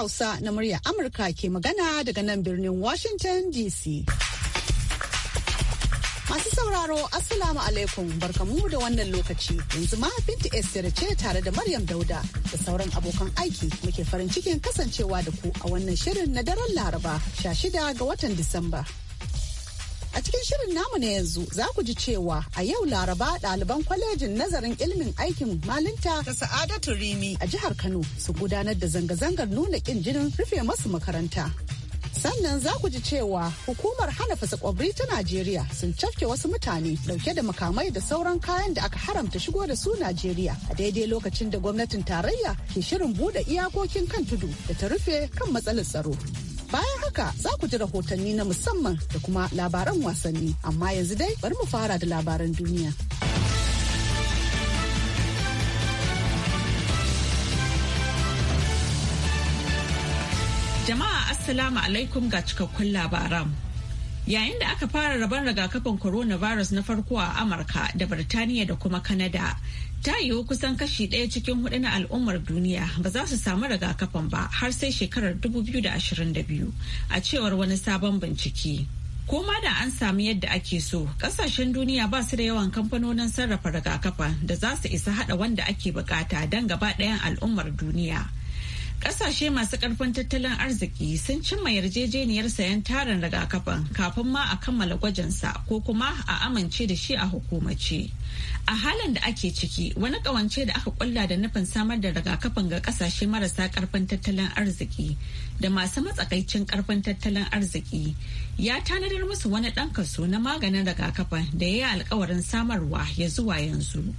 Hausa na murya Amurka ke magana daga nan birnin Washington DC. Masu sauraro Assalamu alaikum barkamu da wannan lokaci yanzu ma Binta Esther ce tare da Maryam Dauda da sauran abokan aiki muke farin cikin kasancewa da ku a wannan shirin na daren Laraba 16 ga watan Disamba. A cikin shirin namu na yanzu za ku ji cewa a yau Laraba ɗaliban kwalejin nazarin ilimin aikin malinta da Sa'adatu Rimi a jihar Kano su gudanar da zanga-zangar nuna ƙin jinin rufe masu makaranta. Sannan za ku ji cewa hukumar hana fasakwabri ta Najeriya sun cafke wasu mutane dauke da makamai da sauran kayan da aka haramta shigo da su Najeriya a daidai lokacin da gwamnatin tarayya ke shirin buɗe iyakokin kan tudu da ta rufe kan matsalar tsaro. Bayan haka za ku ji rahotanni na musamman da kuma labaran wasanni. Amma yanzu dai bari mu fara da labaran duniya. Jama'a Assalamu alaikum ga cikakkun labaran. Yayin da aka fara rabon rigakafin coronavirus na farko a Amurka da Birtaniya da kuma Kanada, ta yiwu kusan kashi ɗaya cikin hudu na al'ummar duniya ba za su samu rigakafin ba har sai shekarar 2022 a cewar wani sabon bincike. Koma da an sami yadda ake so, kasashen duniya ba su da yawan kamfanonin sarrafa rigakafin da za su isa hada wanda ake bukata don gaba ɗayan al'ummar duniya. Ƙasashe masu ƙarfin tattalin arziki sun cimma yarjejeniyar sayan tarin rigakafin kafin ma a kammala gwajinsa ko kuma a amince da shi a hukumace. A halin da ake ciki, wani ƙawance da aka kulla da nufin samar da rigakafin ga ƙasashe marasa ƙarfin tattalin arziki da masu matsakaicin ƙarfin tattalin arziki ya tanadar musu wani ɗan kaso na maganin rigakafin da ya yi alkawarin samarwa ya zuwa yanzu.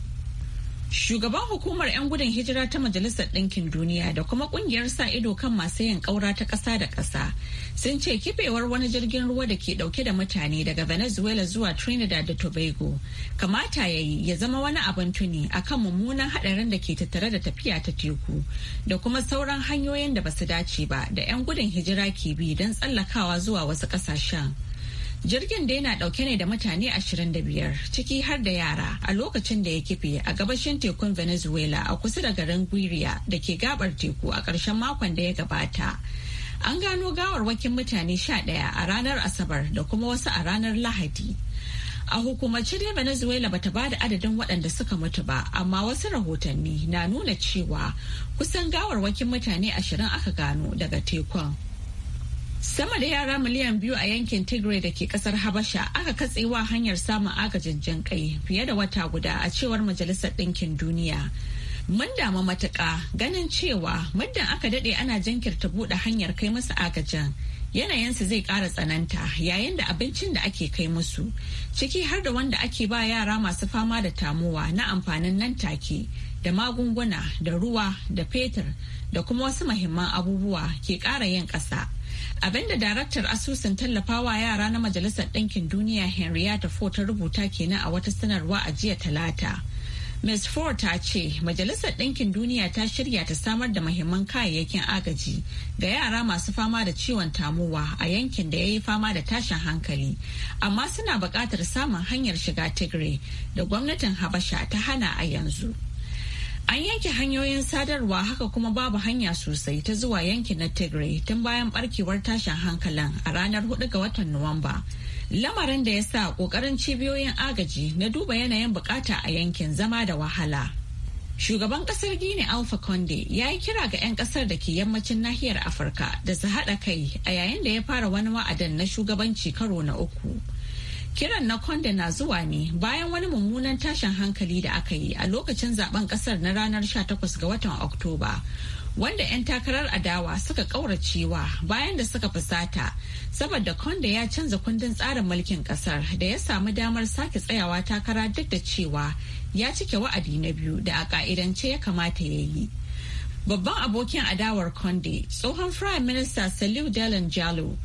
Shugaban hukumar 'yan gudun hijira ta Majalisar Ɗinkin Duniya da kuma ƙungiyar sa ido kan masu yin ƙaura ta ƙasa da ƙasa sun ce kifewar wani jirgin ruwa da ke ɗauke da mutane daga Venezuela zuwa Trinidad da Tobago kamata ya yi ya zama wani abin tuni a kan mummunan haɗarin da ke tattare da tafiya ta teku da kuma sauran hanyoyin da basu dace ba da 'yan gudun hijira ke bi don tsallakawa zuwa wasu ƙasashen. Jirgin da yana dauke ne da mutane 25 ciki har da yara a lokacin da ya kife a gabashin tekun Venezuela a kusa da garin Guiria da ke gabar teku a ƙarshen makon da ya gabata. An gano gawarwakin mutane 11 a ranar Asabar da kuma wasu a ranar Lahadi. A hukumance dai Venezuela bata ba da adadin waɗanda suka mutu ba, amma wasu rahotanni na nuna cewa kusan gawarwakin mutane ashirin aka gano daga tekun. Sama da yara miliyan biyu a yankin Tigray da ke kasar Habasha aka katsewa hanyar samun agajin jan kai fiye da wata guda a cewar Majalisar Ɗinkin Duniya. Mun damu matuƙa ganin cewa muddin aka daɗe ana jinkirta buɗe hanyar kai musu agajin. yanayinsu zai ƙara tsananta yayin da abincin da ake kai musu ciki har da wanda ake ba yara masu fama da tamuwa na amfanin nan take da magunguna da ruwa da fetur da kuma wasu mahimman abubuwa ke ƙara yin ƙasa. Abinda daraktar asusun tallafawa yara na Majalisar Ɗinkin Duniya Henrietta Ford ta rubuta kenan a wata sanarwa a jiya talata. Ms. Ford ta ce Majalisar Ɗinkin Duniya ta shirya ta samar da mahimman kayayyakin agaji ga yara masu fama da ciwon tamuwa a yankin da ya yi fama da tashin hankali, amma suna buƙatar samun hanyar shiga Tigray da gwamnatin Habasha ta hana a yanzu. An yanke hanyoyin sadarwa haka kuma babu hanya sosai ta zuwa yankin na Tigray tun bayan barkewar tashin hankalin a ranar 4 ga watan Nuwamba. Lamarin da ya sa ƙoƙarin cibiyoyin agaji na duba yanayin bukata a yankin zama da wahala. Shugaban ƙasar Gini Alpha Conde ya yi kira ga 'yan ƙasar da ke yammacin nahiyar Afirka da su haɗa kai a yayin da ya fara wani wa'adin na shugabanci karo na uku. Kiran na Conde na zuwa ne bayan wani mummunan tashin hankali da aka yi a lokacin zaben kasar na ranar 18 ga watan Oktoba. Wanda 'yan takarar adawa suka ƙauracewa bayan da suka fusata saboda Conde ya canza kundin tsarin mulkin kasar da ya samu damar sake tsayawa takara duk da cewa ya cike wa'adi na biyu da a ka'idance ya kamata ya yi. Babban abokin adawar Conde, tsohon Firayim Minista Saliu Dalan Jalo,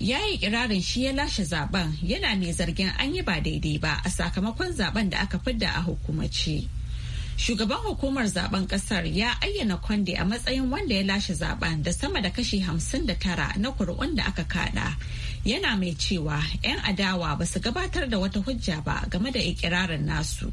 ya yi kirarin shi ya lashe zaben yana mai zargin an yi ba daidai ba a sakamakon zaben da aka fidda a hukumace. Shugaban hukumar zaben kasar ya ayyana Kwande a matsayin wanda ya lashe zaben da sama da kashi 59 na kuri'un da aka kada. Yana mai cewa 'yan adawa ba su gabatar da wata hujja ba game da ikirarin nasu.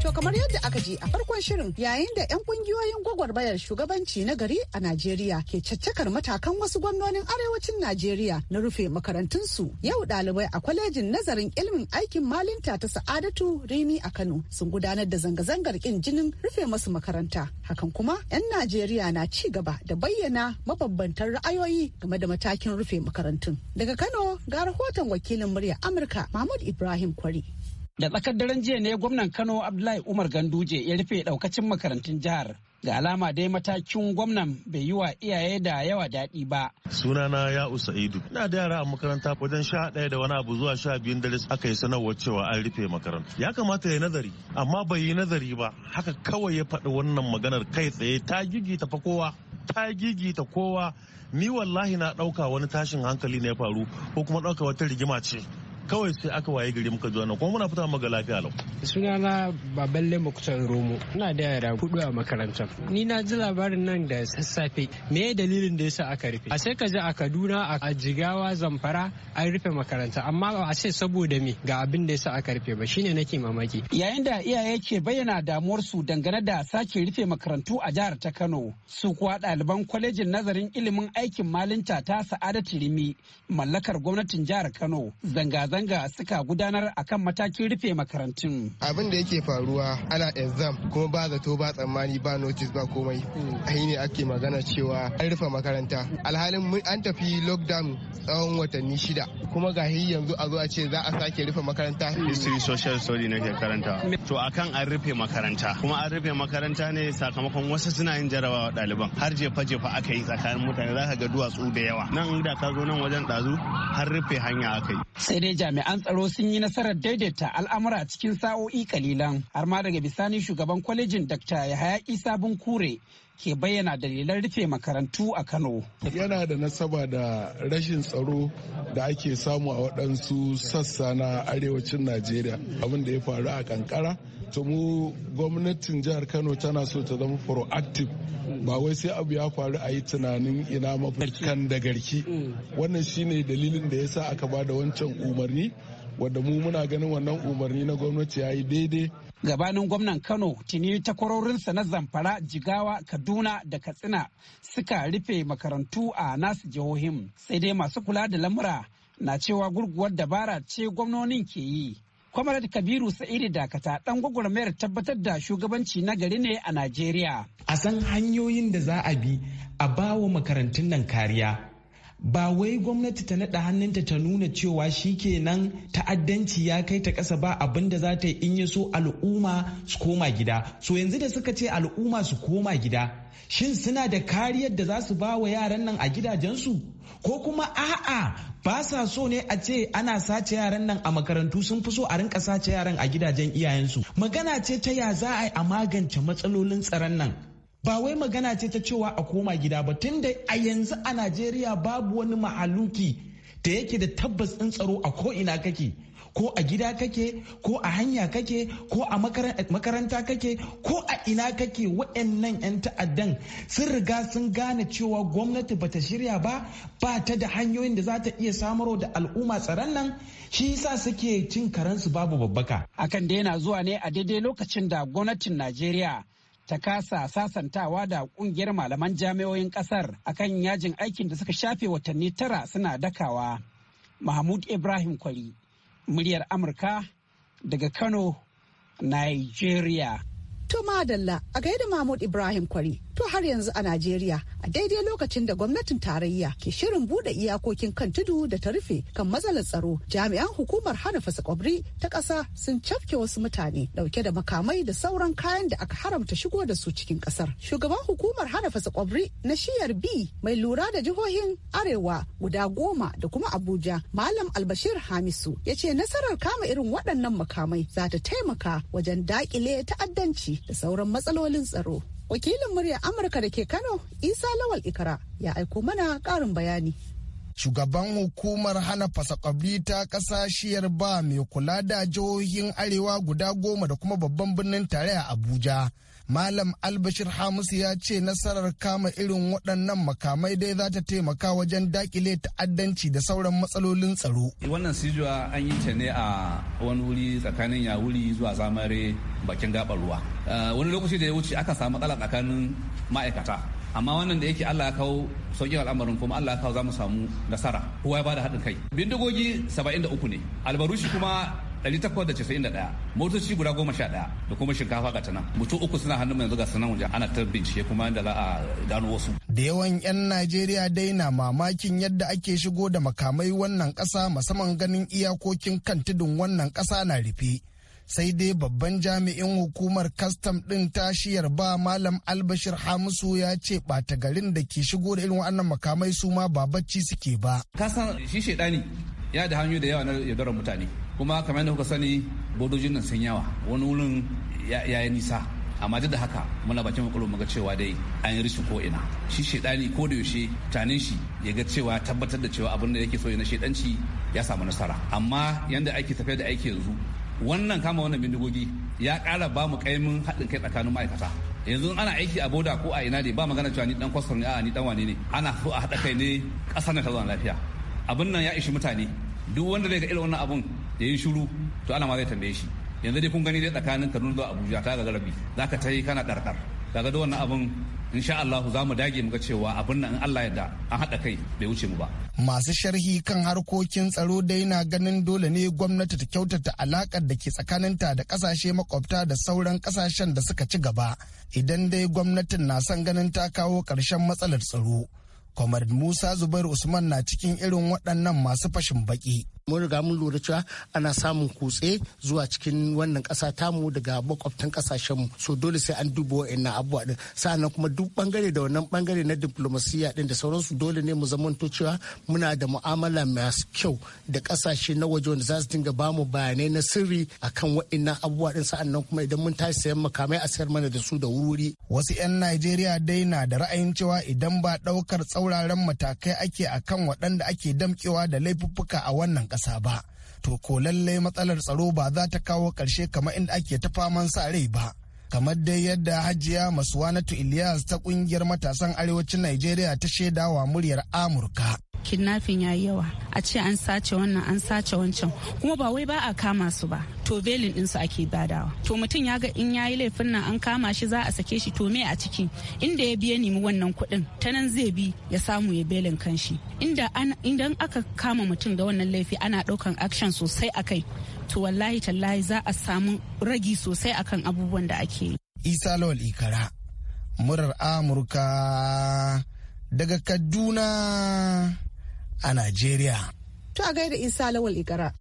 To kamar yadda aka ji a farkon shirin yayin da 'yan kungiyoyin gwagwarmayar shugabanci na gari a Najeriya ke caccakar matakan wasu gwamnonin arewacin Najeriya na rufe makarantunsu. Yau ɗalibai a kwalejin nazarin ilimin aikin malinta ta Sa'adatu Rimi a Kano sun gudanar da zanga-zangar kin jinin rufe masu makaranta. Hakan kuma 'yan Najeriya na ci gaba da bayyana mabambantan ra'ayoyi game da matakin rufe makarantun. Daga Kano ga rahoton wakilin murya Amurka Mahmud Ibrahim Kwari. Da tsakar daren jiya ne gwamnan Kano Abdullahi Umar Ganduje ya rufe daukacin makarantun jihar. Ga alama dai matakin gwamnan bai yi wa iyaye da yawa daɗi ba. Sunana ya Usaidu. Ina da yara a makaranta wajen sha ɗaya da wani abu zuwa sha biyun dare aka yi sanarwar cewa an rufe makaranta. Ya kamata ya nazari, amma bai yi nazari ba. Haka kawai ya faɗi wannan maganar kai tsaye ta gigita fa kowa. ta gigita kowa ni wallahi na ɗauka wani tashin hankali ne ya faru ko kuma ɗauka wata rigima ce kawai sai aka waye gari muka zuwa nan kuma muna fita maga lafiya lau sunana baballe muktar romo ina da yara hudu a makarantar ni na ji labarin nan da sassafe me dalilin da yasa aka rufe a sai ka ji a kaduna a jigawa zamfara an rufe makaranta amma a ce saboda me ga abin da yasa aka rufe ba shine nake mamaki yayin da iyaye ke bayyana damuwar su dangane da sake rufe makarantu a jihar ta kano su kuwa ɗaliban kwalejin nazarin ilimin aikin malinta ta sa'adatu rimi mallakar gwamnatin jihar kano zanga-zanga zanga-zanga suka gudanar akan matakin rufe makarantun. Abin da yake faruwa ana exam kuma ba zato ba tsammani ba notice ba komai. Ahi ne ake magana cewa an rufe makaranta. Alhalin an tafi lockdown tsawon watanni shida. Kuma ga yanzu a zo a ce za a sake rufe makaranta. History social study ke karanta. To akan an rufe makaranta. Kuma an rufe makaranta ne sakamakon wasu suna yin jarabawa ɗaliban. Har jefa-jefa aka yi tsakanin mutane za ka ga duwatsu da yawa. Nan da ka zo nan wajen ɗazu har rufe hanya aka yi. Sai dai jami'an tsaro sun yi nasarar daidaita al'amura cikin sa'o'i kalilan har ma daga bisani shugaban kwalejin Dr. Yahaya Isa Bunkure ke bayyana dalilan rufe makarantu a Kano. Yana da nasaba da rashin tsaro da ake samu a waɗansu sassa na arewacin Najeriya abin da ya faru a kankara to mu gwamnatin jihar kano tana so ta zama proactive ba wai sai abu ya faru a yi tunanin ina mafarkan da garki wannan shine dalilin da ya sa aka ba da wancan umarni wadda mu muna ganin wannan umarni na gwamnati ya yi daidai gabanin gwamnan kano tuni takwarorinsa na zamfara jigawa kaduna da katsina suka rufe makarantu a nasu jihohin sai dai masu kula da lamura na cewa gurguwar dabara ce gwamnonin ke yi kwamarar Kabiru Sa'idu Dakata ɗan gwagwarmayar tabbatar da shugabanci na gari ne a Najeriya. A san hanyoyin da za a bi a bawa makarantun nan kariya. Ba wai gwamnati ta naɗa hannunta ta nuna cewa shi kenan ta'addanci ya kai ta ƙasa ba abin da za ta yi in ya so al'umma su koma gida. So yanzu da suka ce al'umma su koma gida shin suna da kariyar da za su ba wa yaran nan a gidajensu ko kuma a'a ba sa so ne a ce ana sace yaran nan a makarantu sun fi so a rinka sace yaran a gidajen iyayensu magana ce ta ya za a yi a magance matsalolin tsaron nan ba wai magana ce ta cewa a koma gida ba tun da a yanzu a najeriya babu wani mahaluki da yake da tabbas tsaro a ko ina kake ko a gida kake ko a hanya kake ko a makaranta kake ko a ina kake waɗannan 'yan ta'addan sun riga sun gane cewa gwamnati ba ta shirya ba ba ta da hanyoyin da za ta iya samarwa da al'umma tsaron nan shi yasa suke cin karensu babu babbaka akan da yana zuwa ne a daidai lokacin da gwamnatin najeriya ta kasa sasantawa da kungiyar malaman jami'o'in kasar akan yajin aikin da suka shafe watanni tara suna dakawa. Mahmud Ibrahim Kwari, muryar Amurka daga Kano, Nigeria. To Madalla a gaida Mahmud Ibrahim Kwari to har yanzu a Najeriya a daidai lokacin da gwamnatin tarayya ke shirin bude iyakokin kan tudu da ta rufe kan matsalar tsaro jami'an hukumar hana kwabri ta ƙasa sun cafke wasu mutane dauke da makamai da sauran kayan da aka haramta shigo da su cikin ƙasar shugaban hukumar hana fasakwabri na shiyar b mai lura da jihohin arewa guda goma da kuma abuja malam albashir hamisu ya ce nasarar kama irin waɗannan makamai za ta taimaka wajen daƙile ta'addanci da sauran matsalolin tsaro wakilin murya amurka da ke kano isa lawal ikara ya aiko mana karin bayani shugaban hukumar hana fasakabri ta kasashiyar ba mai kula da jihohin arewa guda goma da kuma babban birnin tare a abuja Malam Albashir Hamisu ya ce nasarar kama irin waɗannan makamai dai za ta taimaka wajen dakile ta'addanci da sauran matsalolin tsaro. Wannan sijuwa an yi ta ne a wani wuri tsakanin ya wuri zuwa zamare bakin gabar ruwa. Eh, wani lokaci da ya wuce aka samu matsala tsakanin ma'aikata. amma wannan da yake Allah ya kawo sauƙin al'amarin kuma Allah ya kawo za mu samu nasara kowa ya bada haɗin kai bindigogi 73 ne albarushi kuma 891 motoci guda goma sha daya da kuma shinkafa ga tana mutum uku suna hannun mai ga sanan wajen ana ta bincike kuma yadda za a gano wasu da yawan 'yan najeriya dai na mamakin yadda ake shigo da makamai wannan kasa musamman ganin iyakokin kan tudun wannan kasa na rufe sai dai babban jami'in hukumar kastam ɗin tashiyar ba malam albashir hamisu ya ce bata garin da ke shigo da irin wannan makamai su ma ba bacci suke ba kasan shi shaidani ya da hanyoyi da yawa na yaudarar mutane kuma kamar yadda kuka sani bodojin nan sun yawa wani wurin ya yi nisa amma duk da haka muna bakin makwalo muga cewa dai an yi rishi ko ina shi shaidani ko da yaushe tanin shi ya ga cewa tabbatar da cewa abin da yake so na shaidanci ya samu nasara amma yanda ake tafiya da aiki yanzu wannan kama wannan bindigogi ya kara ba mu kaimin haɗin kai tsakanin ma'aikata yanzu ana aiki a boda ko a ina ne ba magana cewa ni dan kwastar ne a ni dan wane ne ana so a haɗa kai ne ƙasar na ta zauna lafiya abin nan ya ishi mutane duk wanda zai ga irin wannan abun da yi shiru to ana ma zai tambaye shi yanzu dai kun gani dai tsakanin Kaduna zuwa Abuja ta ga garabi ka ta yi kana ɗarɗar kaga da wannan abun sha Allah za mu dage muga cewa abin nan Allah da an haɗa kai bai wuce mu ba. Masu sharhi kan harkokin tsaro dai na ganin dole ne gwamnati ta kyautata alakar da ke tsakaninta da kasashe makwabta da sauran kasashen da suka ci gaba idan dai gwamnatin na son ganin ta kawo ƙarshen matsalar tsaro. Kwamar Musa zubairu Usman na cikin irin waɗannan masu fashin baƙi. mun riga mun lura cewa ana samun kutse zuwa cikin wannan ta tamu daga makwabtan mu so dole sai an duba wa'annan abubuwa din sa'annan kuma duk bangare da wannan bangare na diplomasiya din da sauransu dole ne mu zamanto cewa muna da mu'amala masu kyau da kasashe na waje wanda za su dinga ba mu bayanai na sirri akan wa'annan abubuwa din sa'annan kuma idan mun tashi sayan makamai a sayar mana da su da wuri wasu 'yan najeriya dai na da ra'ayin cewa idan ba daukar tsauraran matakai ake akan waɗanda ake damƙewa da laifuffuka a wannan ƙasa matasa ba to ko lallai matsalar tsaro ba za ta kawo ƙarshe kamar inda ake ta faman sa rai ba kamar dai yadda hajiya masuwanatu ilyas ta ƙungiyar matasan arewacin najeriya ta shaida wa muryar amurka kidnapping ya yi yawa a ce an sace wannan an sace wancan kuma ba wai ba a kama su ba to belin ɗinsu ake badawa to mutum ya ga in ya yi laifin nan an kama shi za a sake shi to me a ciki inda ya biya nemi wannan kuɗin ta nan zai bi ya samu ya belin kanshi inda idan aka kama mutum da wannan laifi ana ɗaukan action sosai a kai to wallahi tallahi za a samu ragi sosai akan abubuwan da ake yi. isa lawal ikara murar amurka daga kaduna a Najeriya. To a gaida Isa Lawal Ikara.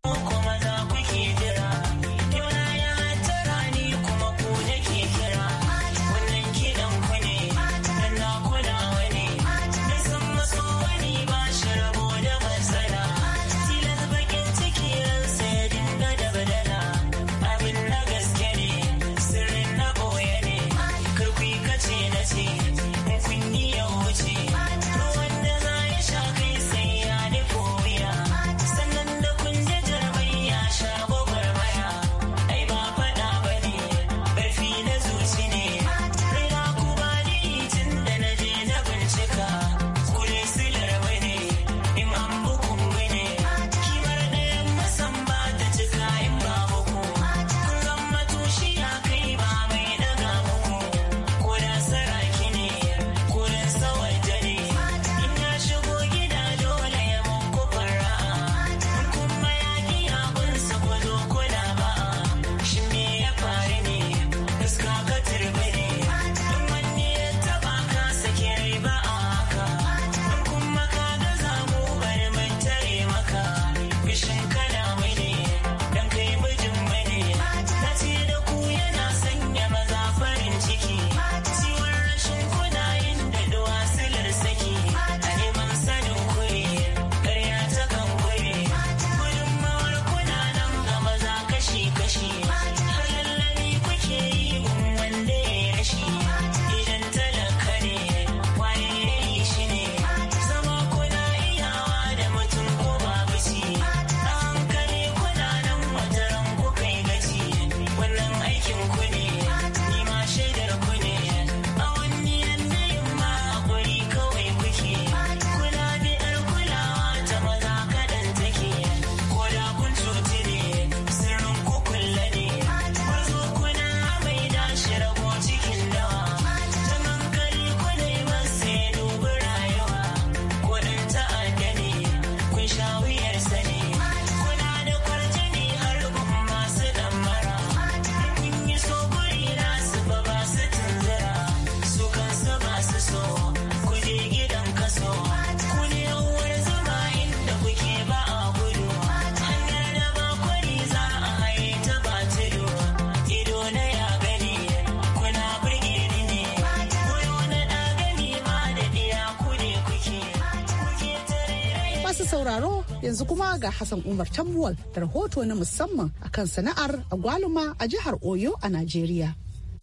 Masu sauraro yanzu kuma ga Hassan Umar Tambuwal da rahoto na musamman akan sana'ar agwaluma a jihar Oyo a Najeriya.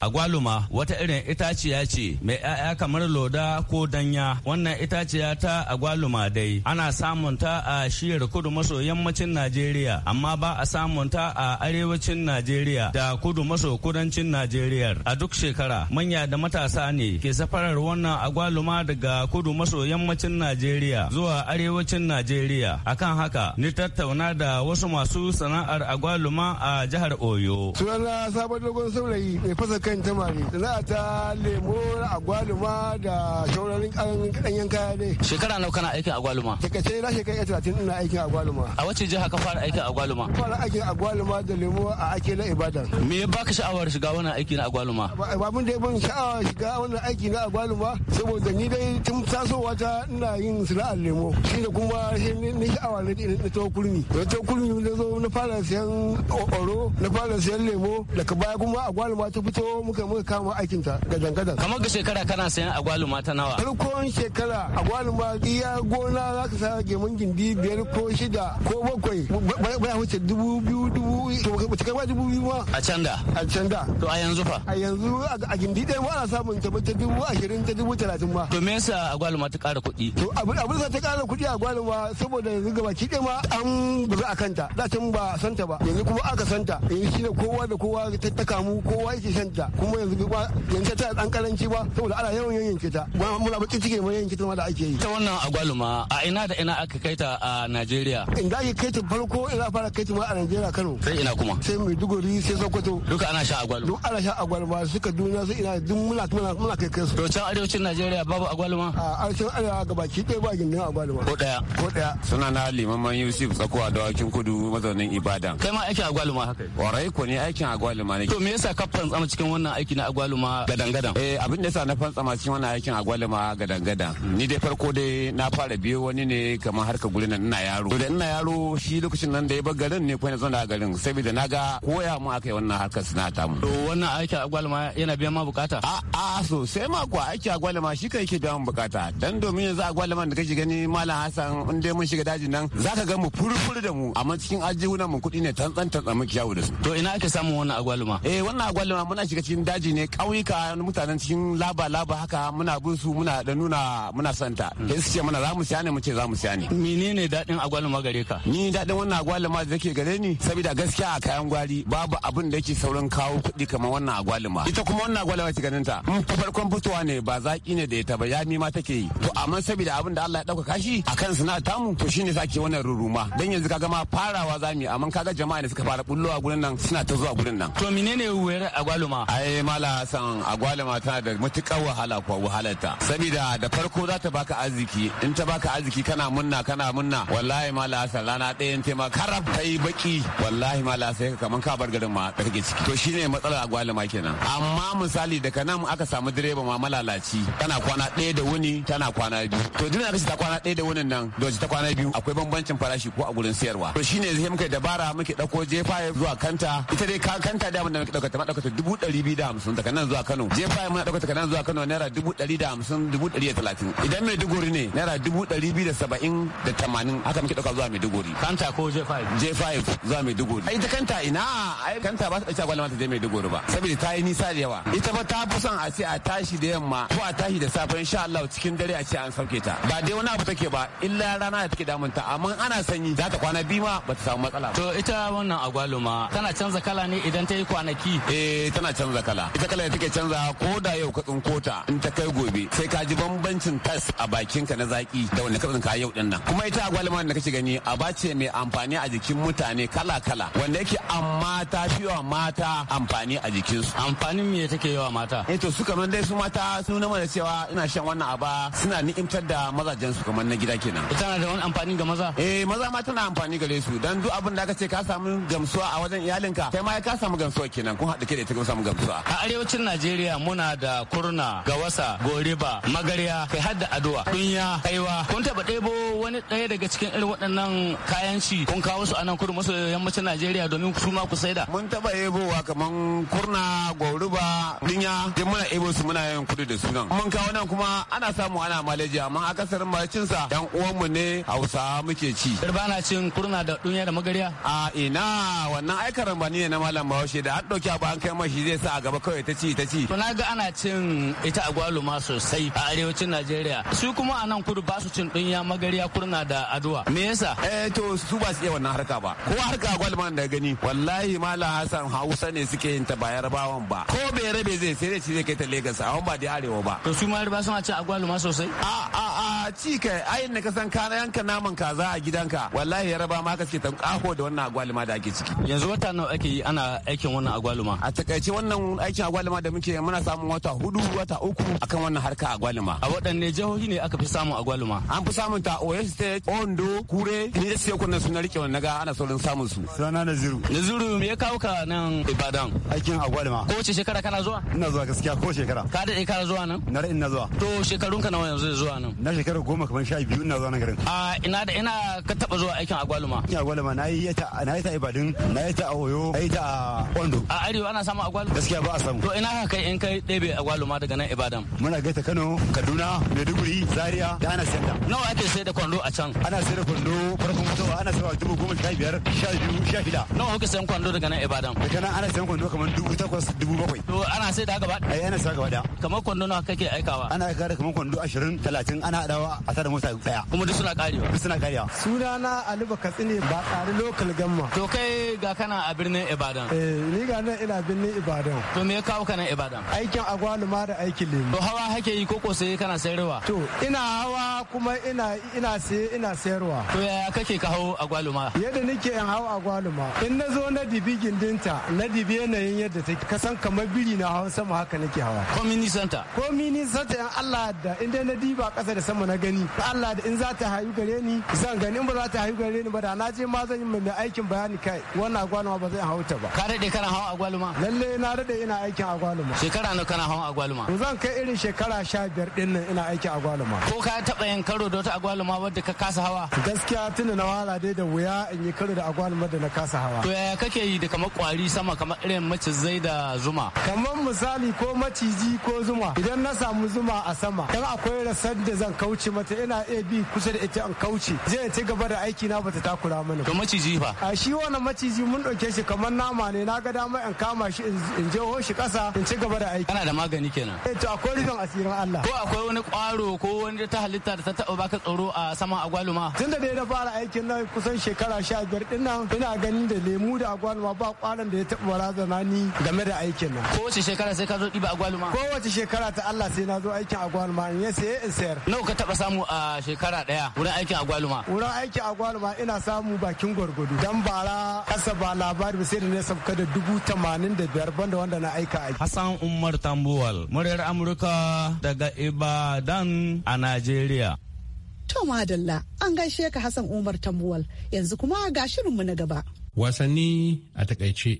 Agwaluma wata irin itaciya ce mai 'ya'ya kamar loda ko danya. Wannan itaciya ta agwaluma dai ana samun ta a shiyar kudu maso yammacin Najeriya amma ba a samun ta a arewacin Najeriya da kudu maso kudancin Najeriya. A duk shekara manya da matasa ne ke safarar wannan agwaluma daga kudu maso yammacin Najeriya zuwa arewacin Najeriya. Akan haka ni tattauna da wasu masu sana'ar agwaluma a jihar Oyo. Sunana sabon dogon saurayi mai fasa kan tamari sana'a ta lemo agwaluma da sauran ɗanyen kaya ne shekara nawa kana aikin agwaluma takaice na shekara talatin ina aikin agwaluma a wace jiha ka fara aikin agwaluma fara aikin agwaluma da lemo a ake na ibadan me ya baka sha'awar shiga wannan aiki na agwaluma babun da ya ban sha'awar shiga wannan aiki na agwaluma saboda ni dai tun tasowa ta ina yin sana'ar lemo shi da kuma ni sha'awa na to kurmi to ta kurmi na zo na fara sayan oro na fara sayan lemo daga baya kuma agwaluma ta fito kawo muka muka kama aikin ta gadan gadan kamar ga shekara kana sayan agwaluma ta nawa farkon shekara agwaluma iya gona za ka sa gemun gindi biyar ko shida ko bakwai ba ya wuce dubu biyu dubu to kai ba dubu biyu ma a can da a can da to a yanzu fa a yanzu a gindi ɗaya ba na samun ta ta dubu ashirin ta dubu talatin ma to me yasa agwaluma ta kara kuɗi to abin abin sa ta kara kuɗi agwaluma saboda yanzu gaba ki ɗaya ma an buga a kanta da can ba santa ba yanzu kuma aka santa yanzu shi da kowa da kowa ta kamu kowa yake santa kuma yanzu ba yanke ta dan karanci ba saboda ana yawan yin yanke ta muna baki cike mai yanke ta da ake yi ta wannan agwaluma a ina da ina aka kai ta a Najeriya in da kai ta farko in za fara kai ta ma a Najeriya Kano sai ina kuma sai Maiduguri sai Sokoto duka ana sha agwaluma duk ana sha agwaluma suka duniya sai ina duk muna muna muna kai kai su to can arewacin Najeriya babu agwaluma a arewacin arewa gabaki ɗaya ba gindin agwaluma ko daya ko daya suna na limaman Yusuf tsakuwa da wakin kudu mazaunin Ibadan kai ma aikin agwaluma haka warai ko ne aikin agwaluma ne to me yasa ka tsama cikin wannan aiki na agwaluma gadangadan. Eh abin da yasa na ma cikin wannan aikin agwaluma gadangadan. Ni dai farko dai na fara biyo wani ne kamar harka guri nan ina yaro. To da ina yaro shi lokacin nan da ya bar garin ne ko na zona da garin saboda na ga koya mu akai yi wannan harkar sinata mu. To wannan aikin agwaluma yana biyan ma bukata? A a so sai ma kuwa aikin agwaluma shi kai yake biyan bukata. Dan domin yanzu agwaluman da kake gani Malam hasan in dai mun shiga dajin nan zaka ga mu furfur da mu amma cikin ajihunan mu kudi ne tantsan tantsan muke yawo da su. To ina ake samun wannan agwaluma? Eh wannan agwaluma muna shiga cikin daji ne ƙauyuka mutanen cikin laba-laba haka muna bin su muna da nuna muna santa da hmm. su ce mana za mu siya ne mu ce za mu siya ne. menene daɗin agwaluma gare ka. ni daɗin wannan agwaluma da ke gare ni saboda gaskiya a kayan gwari babu abin da yake saurin kawo kuɗi kamar wannan agwaluma ita kuma wannan agwaluma ce ganin ta ta farkon fitowa ne ba zaƙi ne da ita ba ya ma take yi to amma saboda abin da Allah ya ɗaukaka kashi. a kan suna tamu to shine sake wannan ruruma dan yanzu kaga ma farawa zamu yi amma kaga jama'a ne suka fara bullowa gurin nan suna ta zuwa gurin nan. to menene wuyar agwaluma. ai mala san agwalima tana da matukar wahala ko wahalarta saboda da farko za ta baka arziki in ta baka arziki kana munna kana munna wallahi mala san rana ɗaya ta ma karab kai baki wallahi mala ka kaman ka bar garin ma da kake ciki to shine matsalar agwalima kenan amma misali daga nan aka samu direba ma malalaci tana kwana ɗaya da wuni tana kwana biyu to aka kace ta kwana ɗaya da wunin nan da ta kwana biyu akwai bambancin farashi ko a gurin siyarwa to shine zai muke dabara muke dauko jefa zuwa kanta ita dai kanta da mun da muke dauka ta dubu ɗari biyu da hamsin daga nan zuwa Kano je jefa muna ɗauka daga nan zuwa Kano naira dubu dari da hamsin dubu dari da talatin idan mai dugori ne naira dubu dari biyu da saba'in da tamanin haka muke ɗauka zuwa mai dugori Kanta ko je 5 je 5 zuwa mai dugori Ai ita kanta ina ai kanta ba ta ɗauki agwalama ta je mai dugori ba saboda ta yi nisa da yawa ita ba ta fi son a ce a tashi da yamma ko a tashi da safe insha Allah cikin dare a ce an sauke ta ba dai wani abu take ba illa rana da take ta amma ana sanyi za ta kwana biyu ma ba ta samu matsala. To ita wannan agwaluma tana canza kala ne idan ta yi kwanaki? Eh tana canza canza kala ita kala take canza ko da yau ka tsinko ta in ta kai gobe sai ka ji bambancin tas a bakinka na zaki da wanda ka tsinka yau din nan kuma ita agwalima da kake gani a bace mai amfani a jikin mutane kala kala wanda yake amma ta fi wa mata amfani a jikin su amfanin me take yawa mata eh to suka kamar dai su mata su na mana cewa ina shan wannan aba suna ni'imtar da mazajen su kamar na gida kenan na da wani amfani ga maza eh maza ma tana amfani gare su dan duk abin da ka ce ka samu gamsuwa a wajen iyalinka kai ma ka samu gamsuwa kenan kun haɗu ke da ita ka samu gamsuwa addu'a a arewacin najeriya muna da kurna gawasa goriba magarya kai har da addu'a dunya kaiwa kun taba ɗebo wani ɗaya daga cikin irin waɗannan kayan shi kun kawo su a nan kudu maso yammacin najeriya domin su ma ku saida mun taba ɗebowa kaman kurna goriba dunya duk muna ɗebo su muna yin kudu da sunan mun kawo nan kuma ana samu ana maleji amma akasarin macinsa yan uwanmu ne hausa muke ci na cin kurna da dunya da magarya a ina wannan aikar ba ne na malam bahaushe da an ɗauki abu an kai mashi zai ta a gaba kawai ta ci ta ci. To na ga ana cin ita agwaluma sosai a arewacin Najeriya. Su kuma a nan kudu ba su cin dunya magariya kurna da aduwa. Me yasa? Eh to su ba su iya wannan harka ba. Ko harka agwaluma da gani wallahi malam Hassan Hausa ne suke yin ta ba Yarbawan ba. Ko bai rabe zai sai dai ci zai kai ta Lagos a ba da arewa ba. To su ma yarba suna cin agwaluma sosai? A a a ci kai ayin da ka san kana yanka naman kaza a gidanka wallahi yarba ma ka ce ta kaho da wannan agwaluma da ake ciki. Yanzu wata nawa ake yi ana aikin wannan agwaluma. A takaice wannan wannan a gwalima da muke muna samun wata hudu wata uku akan wannan harka gwalima a waɗanne jihohi ne aka fi samun gwalima. an fi samun ta oyo state ondo kure ni da sai kunna suna rike wannan ga ana saurin samun su sana na zuru me ya kawo ka nan ibadan aikin gwalima ko wace shekara kana zuwa ina zuwa gaskiya ko shekara ka da kana zuwa nan na ina zuwa to shekarun ka nawa yanzu zuwa nan na shekara goma kamar sha biyu ina zuwa nan garin a ina da ina ka taba zuwa aikin gwalima? aikin a na yi ta na yi ta Ibadan, na yi ta a oyo na yi ta a ondo a arewa ana samun gwalima gaskiya ba a samu to ina haka in kai ɗebe a agwaluma daga nan ibadan muna gaita kano kaduna maiduguri zaria da ana sayar da nawa ake sayar da kwando a can ana sayar da kwando farkon fitowa ana sayar da dubu goma sha biyar sha biyu sha shida nawa kuke sayan kwando daga nan ibadan daga nan ana sayan kwando kamar dubu takwas dubu bakwai to ana sayar da gaba ai eh, ana sayar gaba da kamar kwando nawa kake aikawa ana aika da kamar kwando ashirin talatin ana haɗawa a tada mota daya kuma duk suna karewa duk suna karewa sunana ali bakatsi ne ba tsari lokal gamma to kai ga kana a birnin ibadan eh ni ga nan ina birnin ibadan Ibrahim. To me ya kawo ka nan Ibadan? Aikin agwaluma da aikin lemu. To hawa hake yi ko sai kana sayarwa? To ina hawa kuma ina ina saye ina sayarwa. To yaya kake ka hawo agwaluma? Yadda nake in hawo agwaluma. In na zo na dibi gindinta na dibi yanayin yadda take kasan kamar biri na hawan sama haka nake hawa. Komini santa. Komini santa in Allah da in dai na diba kasa da sama na gani. Allah da in za ta hayu gare ni zan gani in ba za ta hayu gare ni ba da na je ma zan yi mai aikin bayani kai wannan agwaluma ba zai hauta ba. Ka daɗe kana hawa agwaluma? Lalle na daɗe ina aikin agwaluma. Shekara na kana hawan agwaluma? To zan kai irin shekara sha biyar ɗin nan ina aikin agwaluma. Ko ka taɓa yin karo da wata agwaluma wadda ka kasa hawa? Gaskiya tunda na wala dai da wuya in yi karo da agwaluma da na kasa hawa. To yaya kake yi da kamar ƙwari sama kamar irin macizai da zuma? Kamar misali ko maciji ko zuma idan na samu zuma a sama dan akwai rasar da zan kauce mata ina iya bi kusa da ita in kauce zai ci gaba da aiki na bata takura mana. To maciji fa? A shi wannan maciji mun ɗauke shi kamar nama ne na ga dama in kama shi in jeho shi kasa in ci gaba da aiki kana da magani kenan eh to akwai rufin asirin Allah ko akwai wani kwaro ko wani ta halitta da ta taba baka tsoro a saman agwaluma tunda da na fara aikin nan kusan shekara biyar din nan ina ganin da lemu da agwaluma ba kwaron da ya taba barazana ni game da aikin nan ko wace shekara sai ka zo diba agwaluma ko wace shekara ta Allah sai na zo aikin agwaluma in ya sai in sayar nawa ka taba samu a shekara daya wurin aikin agwaluma wurin aikin agwaluma ina samu bakin gwargwado dan bara kasa ba labari sai da ne sauka da dubu tamanin da biyar banda wanda na aika Hassan Umar Tambuwal, muryar Amurka daga Ibadan a Najeriya. To madalla an gaishe ka Hassan Umar Tambuwal yanzu kuma ga shirinmu na gaba. Wasanni a takaice.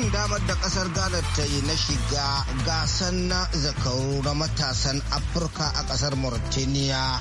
samun damar da kasar ghana ta yi na shiga gasar na zakaru na matasan afirka a kasar mauritania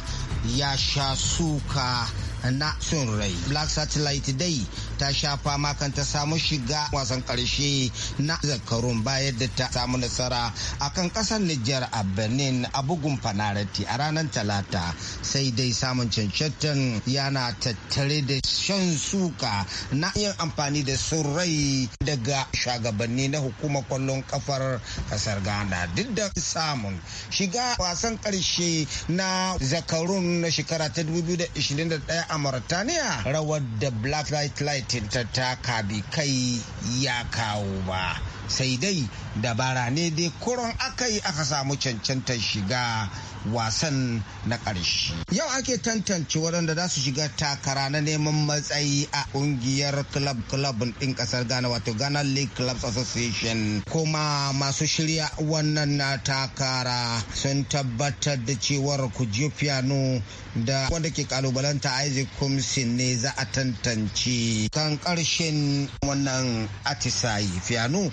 ya sha suka na sun rai black satellite dai ta sha fama kan ta samu shiga wasan karshe na zakarun bayan da ta samu nasara A kan kasar nijar a benin a bugun fanarati a ranar talata sai dai samun cancantan yana tattare da shan suka na yin amfani da sun rai daga shagabanni na hukumar kwallon kafar kasar ghana duk da samun shiga wasan karshe na zakarun na shekara ta 2021 a Mauritania rawar da Black Light Light ta taka bi kai ya kawo ba. Sai dai dabara ne dai kuron aka yi aka samu cancantar shiga wasan na ƙarshe. Yau ake tantance waɗanda za su shiga takara na neman matsayi a ƙungiyar club club ɗin ƙasar Ghana wato Ghana League Clubs Association kuma masu shirya wannan na takara sun tabbatar da cewar Kujiyo Piano da wanda ke kalubalanta Isaac Kumsin ne za a tantance kan ƙarshen wannan atisayi Piano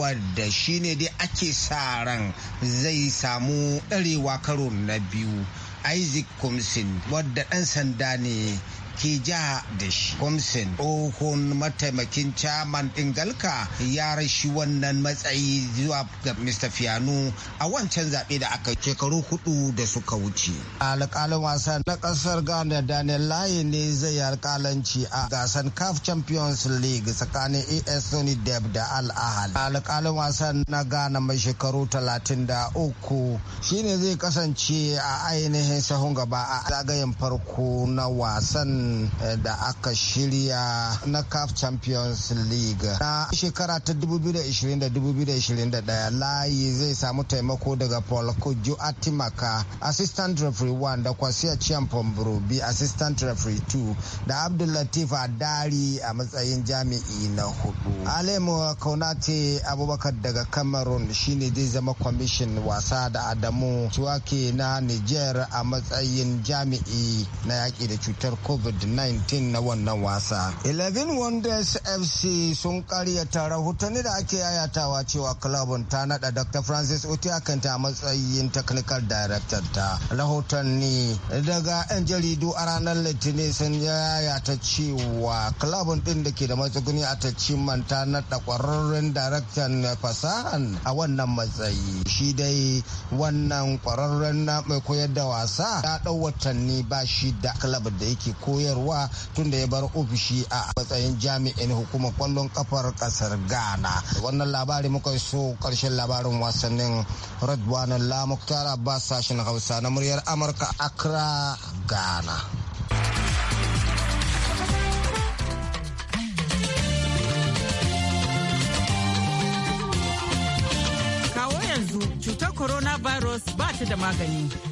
wadda shine dai ake sa ran zai samu ɗarewa karo na biyu isaac kumsin wadda ɗan sanda ne ke jiha da shi komsen mataimakin caman ɗin galka ya rashi wannan matsayi zuwa ga mr fiano a wancan zaɓe da aka shekaru hudu da suka wuce alƙalin wasan na ƙasar ghana daniel layi ne zai alƙalanci a gasan caf champions league tsakanin as sony deb da al ahal alƙalin wasan na ghana mai shekaru talatin da uku shine zai kasance a ainihin sahun gaba a zagayen farko na wasan Eh, da aka shirya na CAF Champions League na shekara ta 2020 2021 layi zai samu taimako daga Paul Kujo Atimaka assistant referee 1 da Kwasiya Chiampon Brobi assistant referee 2 da Abdul Latif Adari a matsayin jami'i na hudu. Alemu Kaunate Abubakar daga Cameroon shine zai zama Commission wasa da Adamu Chuwake na Niger a matsayin jami'i na yaƙi da cutar covid covid-19 na wannan wasa 11 wonders fc sun karyata rahotanni da ake yayatawa cewa klabin ta nada dr francis otiakanta a matsayin technical director ta rahotanni daga 'yan jaridu a ranar litinin sun yayata cewa klabin din da ke da matsuguni a tachiman ta nada kwararren daraktan fasahan a wannan matsayi shi dai wannan kwararren na mai koyar da wasa ya dau watanni ba shi da klab da yake koyar koyarwa tun da ya bar ofishi a matsayin jami'in hukumar kwallon kafar kasar ghana wannan labari muka so karshen labarin wasannin radwana lamuktar abbas sashen hausa na muryar amurka accra ghana kawo yanzu cutar coronavirus ba ta da magani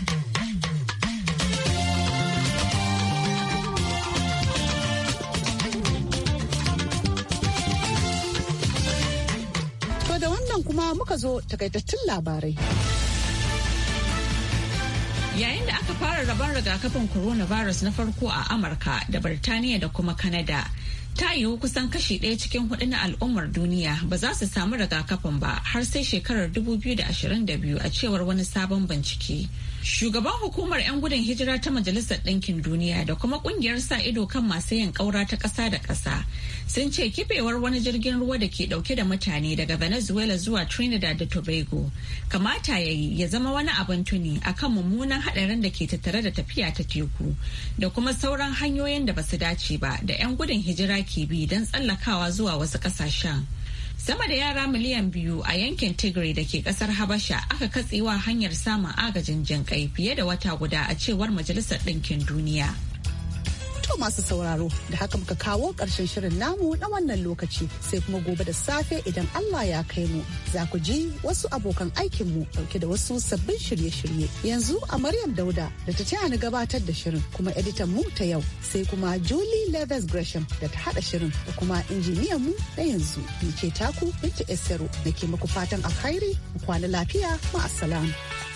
kuma muka zo takaitattun labarai. Yayin da aka fara rabon rigakafin coronavirus na farko a Amurka da Birtaniya da kuma Kanada, ta yiwu kusan kashi ɗaya cikin hudu na al'ummar duniya ba za su samu rigakafin ba har sai shekarar 2022 a cewar wani sabon bincike. Shugaban hukumar 'yan gudun hijira ta Majalisar Ɗinkin Duniya da kuma ƙungiyar sa ido kan masu yin ƙaura ta ƙasa da ƙasa sun ce kifewar wani jirgin ruwa da ke ɗauke da mutane daga Venezuela zuwa Trinidad da Tobago kamata ya yi ya zama wani abin tuni akan mummunan haɗarin da ke tattare da tafiya ta teku da kuma sauran hanyoyin da ba su dace ba da 'yan gudun hijira ke bi don tsallakawa zuwa wasu ƙasashen. sama da yara miliyan biyu a yankin tigray da ke kasar habasha aka katsewa hanyar samun agajin jinƙai fiye da wata guda a cewar majalisar ɗinkin duniya To masu sauraro da haka muka kawo ƙarshen shirin namu na wannan lokaci sai kuma gobe da safe idan Allah ya kai mu za ku ji wasu abokan aikinmu ɗauke da wasu sabbin shirye-shirye. Yanzu a Maryam Dauda da ta taya ni gabatar da shirin kuma editan mu ta yau sai kuma Julie Leathers Gresham da ta haɗa shirin da kuma injiniyan mu na yanzu ni ce taku Binta Esero nake muku fatan alkhairi mu kwana lafiya ma'assalam.